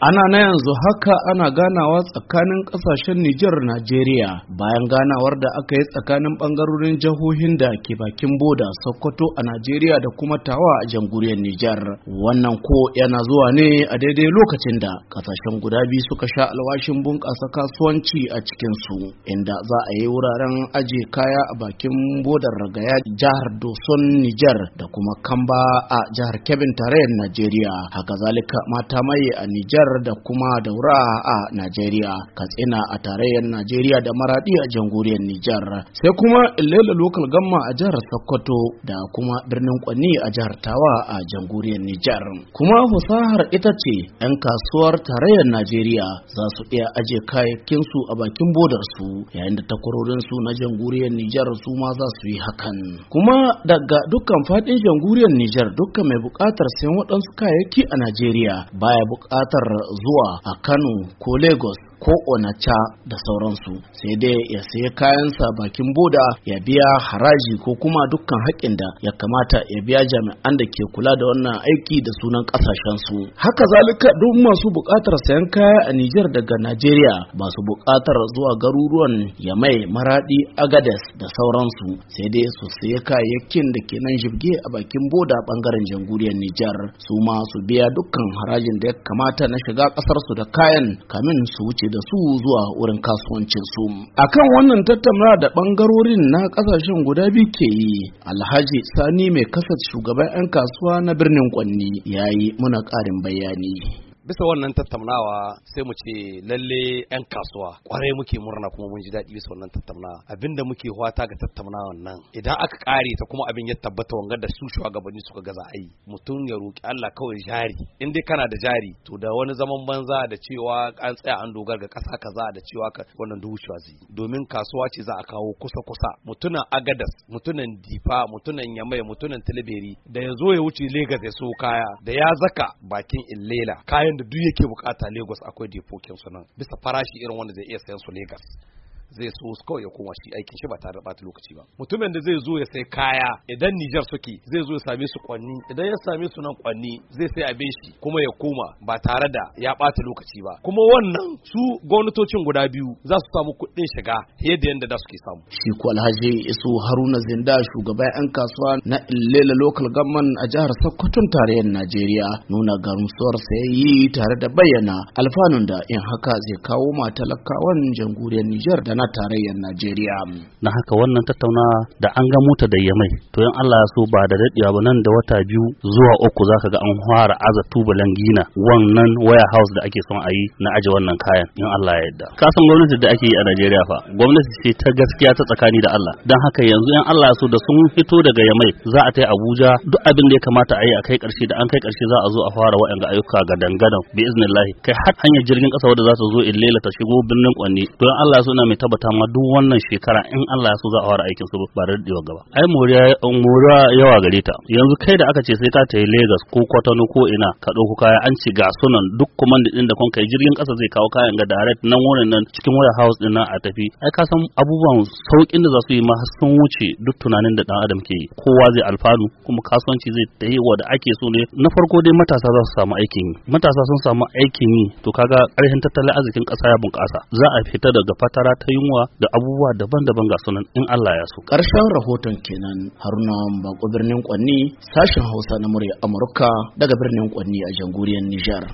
ana na yanzu haka ana ganawa tsakanin kasashen Nijar Najeriya bayan ganawar da aka yi tsakanin bangarorin jihohin da ke bakin boda Sokoto a Najeriya da kuma Tawa a jamhuriyar Nijar wannan ko yana zuwa ne a daidai lokacin da kasashen guda biyu suka sha alwashin bunƙasa kasuwanci a cikinsu, inda za a yi wuraren aje kaya a bakin bodar Ragaya jihar Doson Nijar da kuma Kamba a jihar Kebbi tarayyar Najeriya haka zalika mata maye a Nijar Nijar da kuma Daura a Najeriya, Katsina a tarayyar Najeriya da maraɗi a jamhuriyar Nijar. Sai kuma Ilela Local Gamma a jihar Sokoto da kuma birnin Kwanni a jihar Tawa a jamhuriyar Nijar. Kuma fasahar ita ce 'yan kasuwar tarayyar Najeriya za su iya aje kayayyakinsu a bakin bodar su yayin da takwarorin su na jamhuriyar Nijar su ma za su yi hakan. Kuma daga dukkan faɗin jamhuriyar Nijar dukkan mai buƙatar sayan waɗansu kayayyaki a Najeriya baya buƙatar zuwa a Kano ko Lagos ko onacha da sauransu sai dai ya sayi kayansa bakin boda ya biya haraji ko kuma dukkan haƙƙin da ya kamata ya biya jami'an da ke kula da wannan aiki da sunan ƙasashensu haka zalika duk masu buƙatar sayan kaya a Nijar daga Najeriya masu buƙatar zuwa garuruwan Yamai Maradi Agades da sauransu sai dai su sayi kayayyakin da ke nan jibge a bakin boda bangaren jamhuriyar Nijar su ma su biya dukkan harajin da ya kamata na shiga ƙasarsu da kayan kamin su wuce tafi da su zuwa wurin kasuwancin su akan wannan tattaunawa da bangarorin na kasashen guda biyu ke yi alhaji sani mai kasar shugaban 'yan kasuwa na birnin kwanni yayi muna ƙarin bayani bisa wannan tattaunawa sai mu ce lalle 'yan kasuwa kwarai muke murna kuma mun ji daɗi bisa wannan tattaunawa abinda muke hwata ga tattaunawa nan idan aka kare ta kuma abin ya tabbata wanga da su shugabanni suka gaza ayi mutum ya roki Allah kawai jari in dai kana da jari to da wani zaman banza da cewa an tsaya an dogara ga ƙasa kaza da cewa ka wannan duhuwa zai domin kasuwa ce za a kawo kusa kusa mutunan agadas mutunan difa mutunan yamai mutunan tilberi da ya zo ya wuce Legas ya so kaya da ya zaka bakin illela kayan da duk yake bukata Lagos akwai depokin su nan bisa farashi irin wanda zai iya sayan su Lagos zai so su kawai ya koma shi aikin shi ba tare da bata lokaci ba mutumin da zai zo ya sai kaya idan Nijar suke zai zo ya same su kwanni idan ya same su nan kwanni zai sai abin shi kuma ya koma ba tare da ya bata lokaci ba kuma wannan su gwamnatocin guda biyu za su samu kuɗin shiga yadda yadda da suke samu shi ko Alhaji Isu Haruna Zinda shugaba yan kasuwa na Ilela Local Government a jihar Sokoto tarayyar Najeriya nuna gamsuwar sayayyi tare da bayyana alfanun da in haka zai kawo ma talakawan jamhuriyar Nijar da na tarayyar Najeriya. Na haka wannan tattaunawa da an ga mota da yamai to in Allah ya so ba da daɗewa ba nan da wata biyu zuwa uku za ka ga an fara aza tubalan gina wannan waya house da ake son a yi na aji wannan kayan in Allah ya yarda. Ka san gwamnati da ake yi a Najeriya fa gwamnati ce ta gaskiya ta tsakani da Allah don haka yanzu in Allah ya so da sun fito daga yamai za a ta Abuja duk abin da ya kamata a yi a kai ƙarshe da an kai karshe za a zo a fara waɗanda ayyuka ga dangana bi iznillahi kai har hanyar jirgin ƙasa wadda za ta zo in ta shigo birnin Kwanni don Allah ya so na mai tabbata ma duk wannan shekara in Allah ya so za a fara aikin su ba da daɗewa gaba ai moriya moriya yawa gare ta yanzu kai da aka ce sai ka tafi Lagos ko Kwatano ko ina ka ɗauko kaya an ce ga sunan duk command din da kun kai jirgin ƙasa zai kawo kayan ga direct nan wurin nan cikin waya house din nan a tafi ai ka san abubuwan saukin da za su yi ma sun wuce duk tunanin da dan adam ke yi kowa zai alfanu kuma kasuwanci zai ta yi da ake so ne na farko dai matasa za su samu aikin yi matasa sun samu aikin yi to kaga ƙarfin tattalin arzikin ƙasa ya bunƙasa za a fita daga fatara ta yunwa da abubuwa daban-daban ga sunan in Allah ya so karshen rahoton kenan Haruna Bako birnin Kwanni sashen Hausa na murya Amurka daga birnin Kwanni a jamhuriyar Nijar